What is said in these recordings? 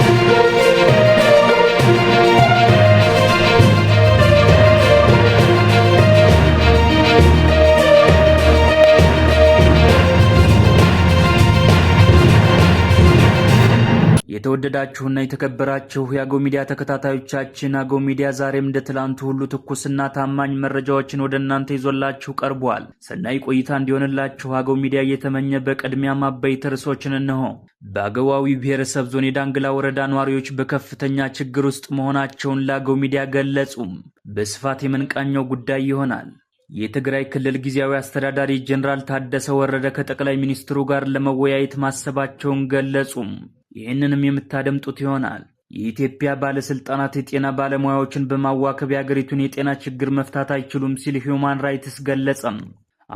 Música የተወደዳችሁና የተከበራችሁ የአገው ሚዲያ ተከታታዮቻችን አገው ሚዲያ ዛሬም እንደ ትላንቱ ሁሉ ትኩስና ታማኝ መረጃዎችን ወደ እናንተ ይዞላችሁ ቀርቧል። ሰናይ ቆይታ እንዲሆንላችሁ አገው ሚዲያ እየተመኘ በቅድሚያ አበይት ርዕሶችን እነሆ። በአገዋዊ ብሔረሰብ ዞን የዳንግላ ወረዳ ነዋሪዎች በከፍተኛ ችግር ውስጥ መሆናቸውን ለአገው ሚዲያ ገለጹም። በስፋት የምንቃኘው ጉዳይ ይሆናል። የትግራይ ክልል ጊዜያዊ አስተዳዳሪ ጀኔራል ታደሰ ወረደ ከጠቅላይ ሚኒስትሩ ጋር ለመወያየት ማሰባቸውን ገለጹም። ይህንንም የምታደምጡት ይሆናል። የኢትዮጵያ ባለስልጣናት የጤና ባለሙያዎችን በማዋከብ የአገሪቱን የጤና ችግር መፍታት አይችሉም ሲል ሂውማን ራይትስ ገለጸም።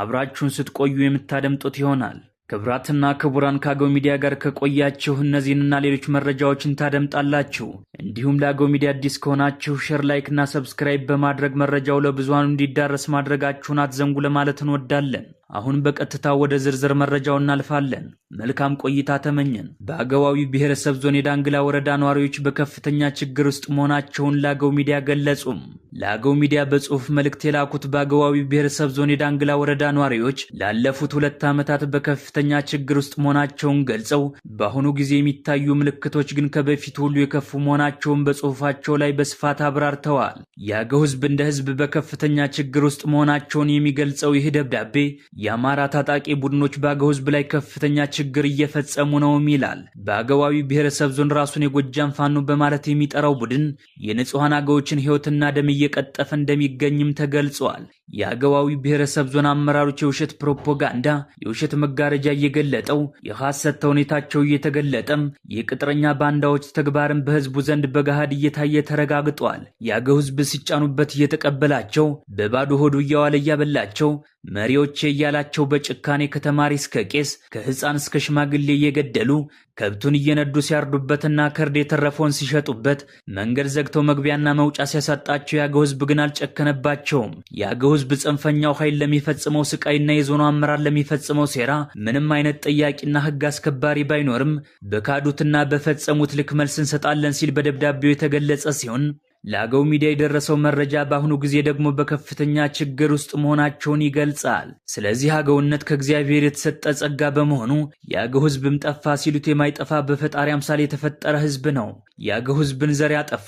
አብራችሁን ስትቆዩ የምታደምጡት ይሆናል። ክቡራትና ክቡራን ከአገው ሚዲያ ጋር ከቆያችሁ እነዚህንና ሌሎች መረጃዎችን ታደምጣላችሁ። እንዲሁም ለአገው ሚዲያ አዲስ ከሆናችሁ ሼር፣ ላይክና ሰብስክራይብ በማድረግ መረጃው ለብዙሃኑ እንዲዳረስ ማድረጋችሁን አትዘንጉ ለማለት እንወዳለን። አሁን በቀጥታ ወደ ዝርዝር መረጃው እናልፋለን። መልካም ቆይታ ተመኘን። በአገዋዊ ብሔረሰብ ዞን የዳንግላ ወረዳ ነዋሪዎች በከፍተኛ ችግር ውስጥ መሆናቸውን ለአገው ሚዲያ ገለጹም። ለአገው ሚዲያ በጽሑፍ መልእክት የላኩት በአገዋዊ ብሔረሰብ ዞን የዳንግላ ወረዳ ነዋሪዎች ላለፉት ሁለት ዓመታት በከፍተኛ ችግር ውስጥ መሆናቸውን ገልጸው በአሁኑ ጊዜ የሚታዩ ምልክቶች ግን ከበፊት ሁሉ የከፉ መሆናቸውን በጽሑፋቸው ላይ በስፋት አብራርተዋል። የአገው ሕዝብ እንደ ሕዝብ በከፍተኛ ችግር ውስጥ መሆናቸውን የሚገልጸው ይህ ደብዳቤ የአማራ ታጣቂ ቡድኖች በአገው ህዝብ ላይ ከፍተኛ ችግር እየፈጸሙ ነውም ይላል። በአገባዊ ብሔረሰብ ዞን ራሱን የጎጃም ፋኖ በማለት የሚጠራው ቡድን የንጹሐን አገዎችን ህይወትና ደም እየቀጠፈ እንደሚገኝም ተገልጿል። የአገባዊ ብሔረሰብ ዞን አመራሮች የውሸት ፕሮፓጋንዳ የውሸት መጋረጃ እየገለጠው የሐሰት ተውኔታቸው እየተገለጠም የቅጥረኛ ባንዳዎች ተግባርን በህዝቡ ዘንድ በገሃድ እየታየ ተረጋግጧል። የአገው ህዝብ ሲጫኑበት እየተቀበላቸው በባዶ ሆዱ እያዋለ እያበላቸው መሪዎቼ እያላቸው በጭካኔ ከተማሪ እስከ ቄስ ከህፃን እስከ ሽማግሌ እየገደሉ ከብቱን እየነዱ ሲያርዱበትና ከርድ የተረፈውን ሲሸጡበት መንገድ ዘግተው መግቢያና መውጫ ሲያሳጣቸው የአገው ህዝብ ግን አልጨከነባቸውም። የአገው ህዝብ ጽንፈኛው ኃይል ለሚፈጽመው ስቃይና የዞኑ አመራር ለሚፈጽመው ሴራ ምንም አይነት ጠያቂና ህግ አስከባሪ ባይኖርም በካዱትና በፈጸሙት ልክ መልስ እንሰጣለን ሲል በደብዳቤው የተገለጸ ሲሆን ለአገው ሚዲያ የደረሰው መረጃ በአሁኑ ጊዜ ደግሞ በከፍተኛ ችግር ውስጥ መሆናቸውን ይገልጻል። ስለዚህ አገውነት ከእግዚአብሔር የተሰጠ ጸጋ በመሆኑ የአገው ሕዝብም ጠፋ ሲሉት የማይጠፋ በፈጣሪ አምሳል የተፈጠረ ሕዝብ ነው። የአገው ሕዝብን ዘር ያጠፉ፣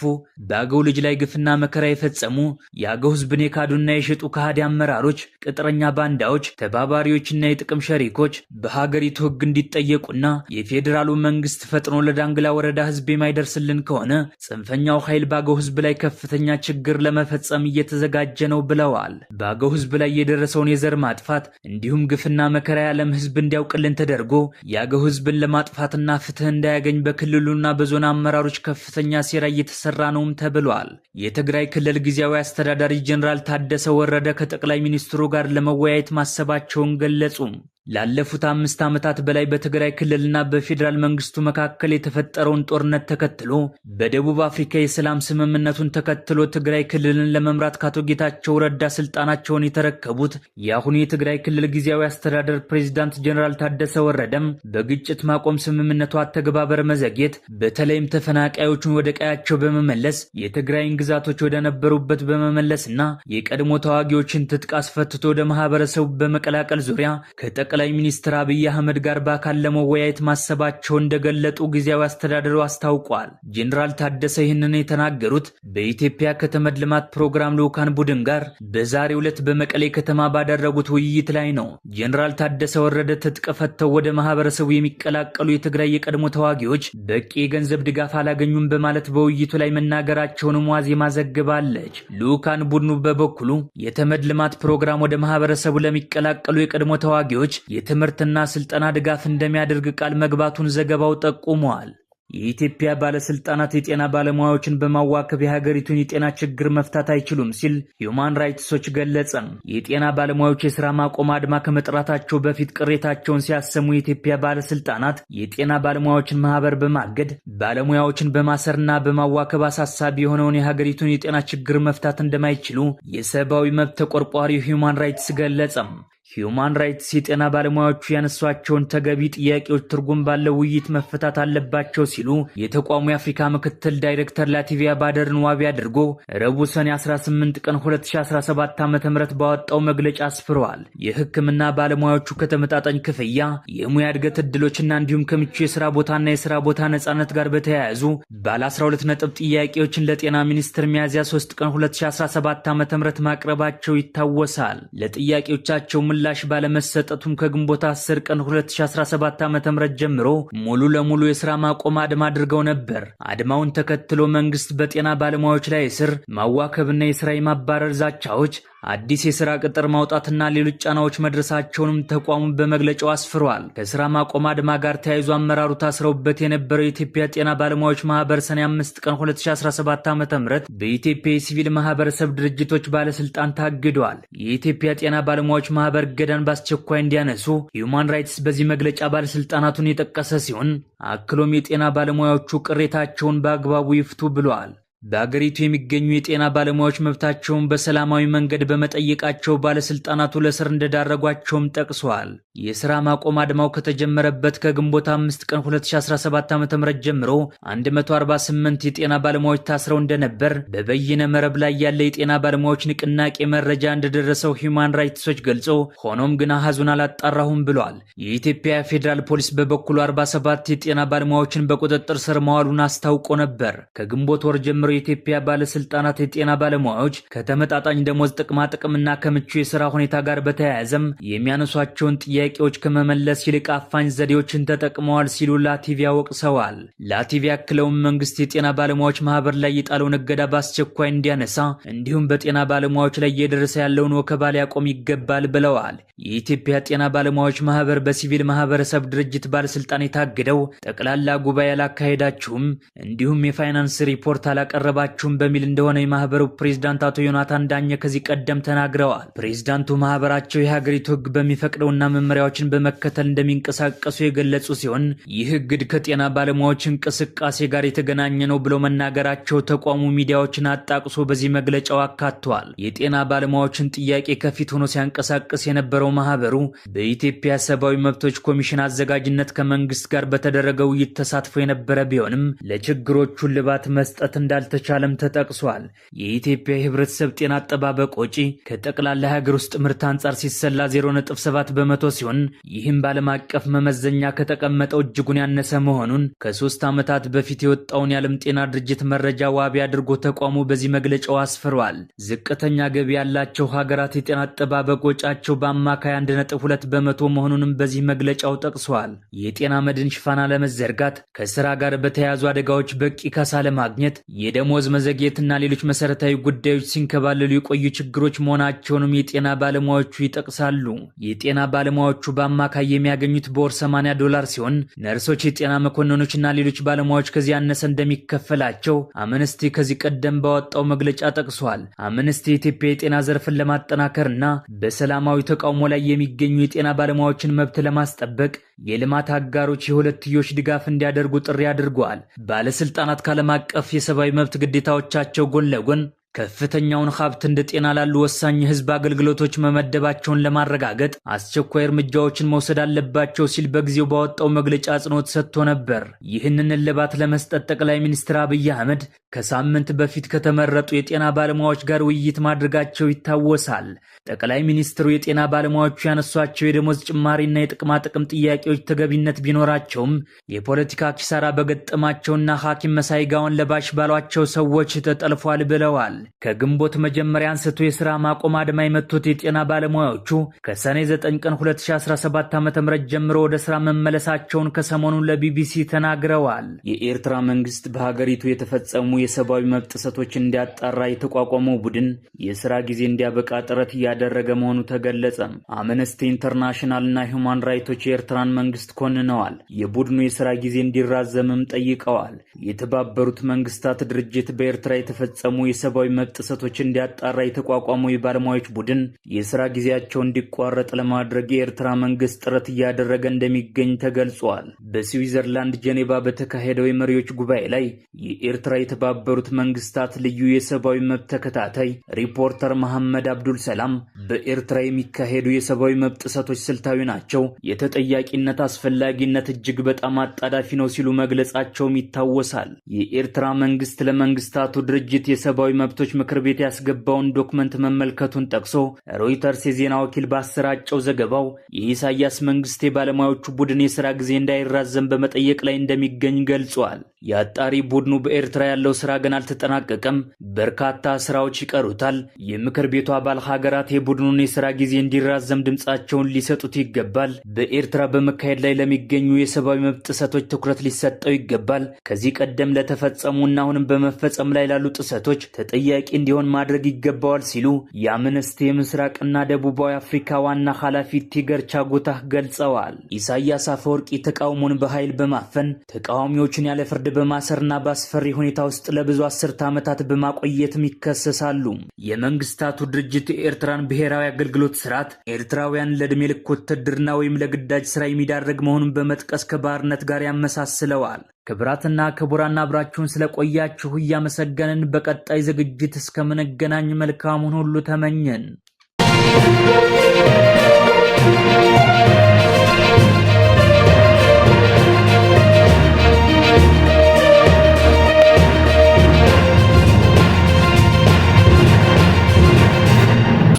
በአገው ልጅ ላይ ግፍና መከራ የፈጸሙ፣ የአገው ሕዝብን የካዱና የሸጡ ከሃዲ አመራሮች፣ ቅጥረኛ ባንዳዎች፣ ተባባሪዎችና የጥቅም ሸሪኮች በሀገሪቱ ሕግ እንዲጠየቁና የፌዴራሉ መንግስት ፈጥኖ ለዳንግላ ወረዳ ሕዝብ የማይደርስልን ከሆነ ጽንፈኛው ኃይል በአገው ሕዝብ ላይ ከፍተኛ ችግር ለመፈጸም እየተዘጋጀ ነው ብለዋል። በአገው ሕዝብ ላይ የደረሰውን የዘር ማጥፋት እንዲሁም ግፍና መከራ የዓለም ሕዝብ እንዲያውቅልን ተደርጎ የአገው ሕዝብን ለማጥፋትና ፍትህ እንዳያገኝ በክልሉና በዞን አመራሮች ከፍተኛ ሴራ እየተሰራ ነውም ተብሏል። የትግራይ ክልል ጊዜያዊ አስተዳዳሪ ጀኔራል ታደሰ ወረደ ከጠቅላይ ሚኒስትሩ ጋር ለመወያየት ማሰባቸውን ገለጹም። ላለፉት አምስት ዓመታት በላይ በትግራይ ክልልና በፌዴራል መንግስቱ መካከል የተፈጠረውን ጦርነት ተከትሎ በደቡብ አፍሪካ የሰላም ስምምነቱን ተከትሎ ትግራይ ክልልን ለመምራት ከአቶ ጌታቸው ረዳ ስልጣናቸውን የተረከቡት የአሁኑ የትግራይ ክልል ጊዜያዊ አስተዳደር ፕሬዚዳንት ጀኔራል ታደሰ ወረደም በግጭት ማቆም ስምምነቱ አተገባበር መዘግየት፣ በተለይም ተፈናቃዮቹን ወደ ቀያቸው በመመለስ የትግራይን ግዛቶች ወደነበሩበት በመመለስና የቀድሞ ተዋጊዎችን ትጥቅ አስፈትቶ ወደ ማህበረሰቡ በመቀላቀል ዙሪያ ከጠቅ ከጠቅላይ ሚኒስትር አብይ አህመድ ጋር በአካል ለመወያየት ማሰባቸው እንደገለጡ ጊዜያዊ አስተዳደሩ አስታውቋል። ጄኔራል ታደሰ ይህንን የተናገሩት በኢትዮጵያ ከተመድ ልማት ፕሮግራም ልዑካን ቡድን ጋር በዛሬ ዕለት በመቀሌ ከተማ ባደረጉት ውይይት ላይ ነው። ጄኔራል ታደሰ ወረደ ትጥቅ ፈተው ወደ ማህበረሰቡ የሚቀላቀሉ የትግራይ የቀድሞ ተዋጊዎች በቂ የገንዘብ ድጋፍ አላገኙም በማለት በውይይቱ ላይ መናገራቸውን ዋዜማ ዘግባለች። ልዑካን ቡድኑ በበኩሉ የተመድ ልማት ፕሮግራም ወደ ማህበረሰቡ ለሚቀላቀሉ የቀድሞ ተዋጊዎች የትምህርትና ስልጠና ድጋፍ እንደሚያደርግ ቃል መግባቱን ዘገባው ጠቁመዋል። የኢትዮጵያ ባለስልጣናት የጤና ባለሙያዎችን በማዋከብ የሀገሪቱን የጤና ችግር መፍታት አይችሉም ሲል ሂውማን ራይትሶች ገለጸም። የጤና ባለሙያዎች የስራ ማቆም አድማ ከመጥራታቸው በፊት ቅሬታቸውን ሲያሰሙ የኢትዮጵያ ባለስልጣናት የጤና ባለሙያዎችን ማህበር በማገድ ባለሙያዎችን በማሰርና በማዋከብ አሳሳቢ የሆነውን የሀገሪቱን የጤና ችግር መፍታት እንደማይችሉ የሰብአዊ መብት ተቆርቋሪ ሁማን ራይትስ ገለጸም። ሂዩማን ራይትስ የጤና ባለሙያዎቹ ያነሷቸውን ተገቢ ጥያቄዎች ትርጉም ባለው ውይይት መፈታት አለባቸው ሲሉ የተቋሙ የአፍሪካ ምክትል ዳይሬክተር ላቲቪያ ባደርን ዋቢ አድርጎ ረቡዕ ሰኔ 18 ቀን 2017 ዓ ም ባወጣው መግለጫ አስፍረዋል። የህክምና ባለሙያዎቹ ከተመጣጣኝ ክፍያ፣ የሙያ እድገት እድሎችና እንዲሁም ከምቹ የስራ ቦታና የስራ ቦታ ነጻነት ጋር በተያያዙ ባለ 12 ነጥብ ጥያቄዎችን ለጤና ሚኒስትር ሚያዝያ 3 ቀን 2017 ዓ ም ማቅረባቸው ይታወሳል። ለጥያቄዎቻቸው ምላ ምላሽ ባለመሰጠቱም ከግንቦት 10 ቀን 2017 ዓ.ም ጀምሮ ሙሉ ለሙሉ የስራ ማቆም አድማ አድርገው ነበር። አድማውን ተከትሎ መንግስት በጤና ባለሙያዎች ላይ እስር፣ ማዋከብና የስራ የማባረር ዛቻዎች አዲስ የስራ ቅጥር ማውጣትና ሌሎች ጫናዎች መድረሳቸውንም ተቋሙ በመግለጫው አስፍሯል። ከስራ ማቆም አድማ ጋር ተያይዞ አመራሩ ታስረውበት የነበረው የኢትዮጵያ ጤና ባለሙያዎች ማህበር ሰኔ 5 ቀን 2017 ዓ ም በኢትዮጵያ የሲቪል ማህበረሰብ ድርጅቶች ባለስልጣን ታግደዋል። የኢትዮጵያ ጤና ባለሙያዎች ማህበር እገዳን በአስቸኳይ እንዲያነሱ ሂዩማን ራይትስ በዚህ መግለጫ ባለስልጣናቱን የጠቀሰ ሲሆን አክሎም የጤና ባለሙያዎቹ ቅሬታቸውን በአግባቡ ይፍቱ ብለዋል። በአገሪቱ የሚገኙ የጤና ባለሙያዎች መብታቸውን በሰላማዊ መንገድ በመጠየቃቸው ባለስልጣናቱ ለስር እንደዳረጓቸውም ጠቅሰዋል። የስራ ማቆም አድማው ከተጀመረበት ከግንቦት 5 ቀን 2017 ዓ.ም ጀምሮ 148 የጤና ባለሙያዎች ታስረው እንደነበር በበይነ መረብ ላይ ያለ የጤና ባለሙያዎች ንቅናቄ መረጃ እንደደረሰው ሂዩማን ራይትስ ዎች ገልጾ፣ ሆኖም ግን አሐዙን አላጣራሁም ብሏል። የኢትዮጵያ ፌዴራል ፖሊስ በበኩሉ 47 የጤና ባለሙያዎችን በቁጥጥር ስር መዋሉን አስታውቆ ነበር። ከግንቦት ወር ጀምሮ የኢትዮጵያ ባለስልጣናት የጤና ባለሙያዎች ከተመጣጣኝ ደሞዝ ጥቅማ ጥቅምና ከምቹ የስራ ሁኔታ ጋር በተያያዘም የሚያነሷቸውን ጥያቄዎች ከመመለስ ይልቅ አፋኝ ዘዴዎችን ተጠቅመዋል ሲሉ ላቲቪ ወቅሰዋል። ላቲቪ አክለውም መንግስት የጤና ባለሙያዎች ማህበር ላይ የጣለውን እገዳ በአስቸኳይ እንዲያነሳ እንዲሁም በጤና ባለሙያዎች ላይ እየደረሰ ያለውን ወከባ ሊያቆም ይገባል ብለዋል። የኢትዮጵያ ጤና ባለሙያዎች ማህበር በሲቪል ማህበረሰብ ድርጅት ባለስልጣን የታግደው ጠቅላላ ጉባኤ አላካሄዳችሁም እንዲሁም የፋይናንስ ሪፖርት አላቀረ አልቀረባችሁም በሚል እንደሆነ የማህበሩ ፕሬዚዳንት አቶ ዮናታን ዳኘ ከዚህ ቀደም ተናግረዋል። ፕሬዚዳንቱ ማህበራቸው የሀገሪቱ ህግ በሚፈቅደውና መመሪያዎችን በመከተል እንደሚንቀሳቀሱ የገለጹ ሲሆን ይህ እግድ ከጤና ባለሙያዎች እንቅስቃሴ ጋር የተገናኘ ነው ብለው መናገራቸው ተቋሙ ሚዲያዎችን አጣቅሶ በዚህ መግለጫው አካቷል። የጤና ባለሙያዎችን ጥያቄ ከፊት ሆኖ ሲያንቀሳቅስ የነበረው ማህበሩ በኢትዮጵያ ሰብአዊ መብቶች ኮሚሽን አዘጋጅነት ከመንግስት ጋር በተደረገ ውይይት ተሳትፎ የነበረ ቢሆንም ለችግሮቹ ልባት መስጠት እንዳልተ እንደተቻለም ተጠቅሷል። የኢትዮጵያ የህብረተሰብ ጤና አጠባበቅ ወጪ ከጠቅላላ ሀገር ውስጥ ምርት አንጻር ሲሰላ 0.7 በመቶ ሲሆን ይህም በዓለም አቀፍ መመዘኛ ከተቀመጠው እጅጉን ያነሰ መሆኑን ከሶስት ዓመታት በፊት የወጣውን የዓለም ጤና ድርጅት መረጃ ዋቢ አድርጎ ተቋሙ በዚህ መግለጫው አስፍሯል። ዝቅተኛ ገቢ ያላቸው ሀገራት የጤና አጠባበቅ ወጫቸው በአማካይ 1.2 በመቶ መሆኑንም በዚህ መግለጫው ጠቅሷል። የጤና መድን ሽፋን አለመዘርጋት፣ ከስራ ጋር በተያያዙ አደጋዎች በቂ ካሳ ለማግኘት የደሞዝ መዘግየትና ሌሎች መሰረታዊ ጉዳዮች ሲንከባለሉ የቆዩ ችግሮች መሆናቸውንም የጤና ባለሙያዎቹ ይጠቅሳሉ። የጤና ባለሙያዎቹ በአማካይ የሚያገኙት በወር 80 ዶላር ሲሆን ነርሶች፣ የጤና መኮንኖችና ሌሎች ባለሙያዎች ከዚህ ያነሰ እንደሚከፈላቸው አምነስቲ ከዚህ ቀደም ባወጣው መግለጫ ጠቅሷል። አምነስቲ የኢትዮጵያ የጤና ዘርፍን ለማጠናከርና በሰላማዊ ተቃውሞ ላይ የሚገኙ የጤና ባለሙያዎችን መብት ለማስጠበቅ የልማት አጋሮች የሁለትዮሽ ድጋፍ እንዲያደርጉ ጥሪ አድርጓል። ባለስልጣናት ከዓለም አቀፍ የሰብአዊ ከመብት ግዴታዎቻቸው ጎን ለጎን ከፍተኛውን ሀብት እንደ ጤና ላሉ ወሳኝ የህዝብ አገልግሎቶች መመደባቸውን ለማረጋገጥ አስቸኳይ እርምጃዎችን መውሰድ አለባቸው ሲል በጊዜው ባወጣው መግለጫ አጽንኦት ሰጥቶ ነበር። ይህንን እልባት ለመስጠት ጠቅላይ ሚኒስትር አብይ አህመድ ከሳምንት በፊት ከተመረጡ የጤና ባለሙያዎች ጋር ውይይት ማድረጋቸው ይታወሳል። ጠቅላይ ሚኒስትሩ የጤና ባለሙያዎቹ ያነሷቸው የደሞዝ ጭማሪና የጥቅማ ጥቅም ጥያቄዎች ተገቢነት ቢኖራቸውም የፖለቲካ ኪሳራ በገጠማቸውና ሐኪም መሳይ ጋውን ለባሽ ባሏቸው ሰዎች ተጠልፏል ብለዋል። ከግንቦት መጀመሪያ አንስቶ የሥራ ማቆም አድማ የመቱት የጤና ባለሙያዎቹ ከሰኔ 9 ቀን 2017 ዓ ም ጀምሮ ወደ ሥራ መመለሳቸውን ከሰሞኑን ለቢቢሲ ተናግረዋል። የኤርትራ መንግሥት በሀገሪቱ የተፈጸሙ የሰብአዊ መብት ጥሰቶች እንዲያጣራ የተቋቋመው ቡድን የሥራ ጊዜ እንዲያበቃ ጥረት እያደረገ መሆኑ ተገለጸ። አምነስቲ ኢንተርናሽናልና ሁማን ራይቶች የኤርትራን መንግሥት ኮንነዋል። የቡድኑ የሥራ ጊዜ እንዲራዘምም ጠይቀዋል። የተባበሩት መንግሥታት ድርጅት በኤርትራ የተፈጸሙ የሰብአዊ መብት ጥሰቶች እንዲያጣራ የተቋቋመው የባለሙያዎች ቡድን የስራ ጊዜያቸው እንዲቋረጥ ለማድረግ የኤርትራ መንግስት ጥረት እያደረገ እንደሚገኝ ተገልጿል። በስዊዘርላንድ ጄኔቫ በተካሄደው የመሪዎች ጉባኤ ላይ የኤርትራ የተባበሩት መንግስታት ልዩ የሰብአዊ መብት ተከታታይ ሪፖርተር መሐመድ አብዱል ሰላም በኤርትራ የሚካሄዱ የሰብአዊ መብት ጥሰቶች ስልታዊ ናቸው፣ የተጠያቂነት አስፈላጊነት እጅግ በጣም አጣዳፊ ነው ሲሉ መግለጻቸውም ይታወሳል። የኤርትራ መንግስት ለመንግስታቱ ድርጅት የሰብአዊ መብቶች በሚኒስትሮች ምክር ቤት ያስገባውን ዶክመንት መመልከቱን ጠቅሶ ሮይተርስ የዜና ወኪል ባሰራጨው ዘገባው የኢሳያስ መንግስት የባለሙያዎቹ ቡድን የስራ ጊዜ እንዳይራዘም በመጠየቅ ላይ እንደሚገኝ ገልጿል። የአጣሪ ቡድኑ በኤርትራ ያለው ስራ ግን አልተጠናቀቀም፣ በርካታ ስራዎች ይቀሩታል። የምክር ቤቱ አባል ሀገራት የቡድኑን የስራ ጊዜ እንዲራዘም ድምፃቸውን ሊሰጡት ይገባል። በኤርትራ በመካሄድ ላይ ለሚገኙ የሰብአዊ መብት ጥሰቶች ትኩረት ሊሰጠው ይገባል። ከዚህ ቀደም ለተፈጸሙ እና አሁንም በመፈጸም ላይ ላሉ ጥሰቶች ተጠያቂ እንዲሆን ማድረግ ይገባዋል ሲሉ የአምነስቲ የምስራቅና ደቡባዊ አፍሪካ ዋና ኃላፊ ቲገር ቻጉታህ ገልጸዋል። ኢሳያስ አፈወርቂ ተቃውሞን በኃይል በማፈን ተቃዋሚዎቹን ያለ ፍርድ በማሰርና በአስፈሪ ሁኔታ ውስጥ ለብዙ አስርት ዓመታት በማቆየትም ይከሰሳሉ። የመንግስታቱ ድርጅት የኤርትራን ብሔራዊ አገልግሎት ስርዓት ኤርትራውያን ለዕድሜ ልክ ውትድርና ወይም ለግዳጅ ስራ የሚዳረግ መሆኑን በመጥቀስ ከባርነት ጋር ያመሳስለዋል። ክብራትና ክቡራን አብራችሁን ስለቆያችሁ እያመሰገንን በቀጣይ ዝግጅት እስከምንገናኝ መልካሙን ሁሉ ተመኘን።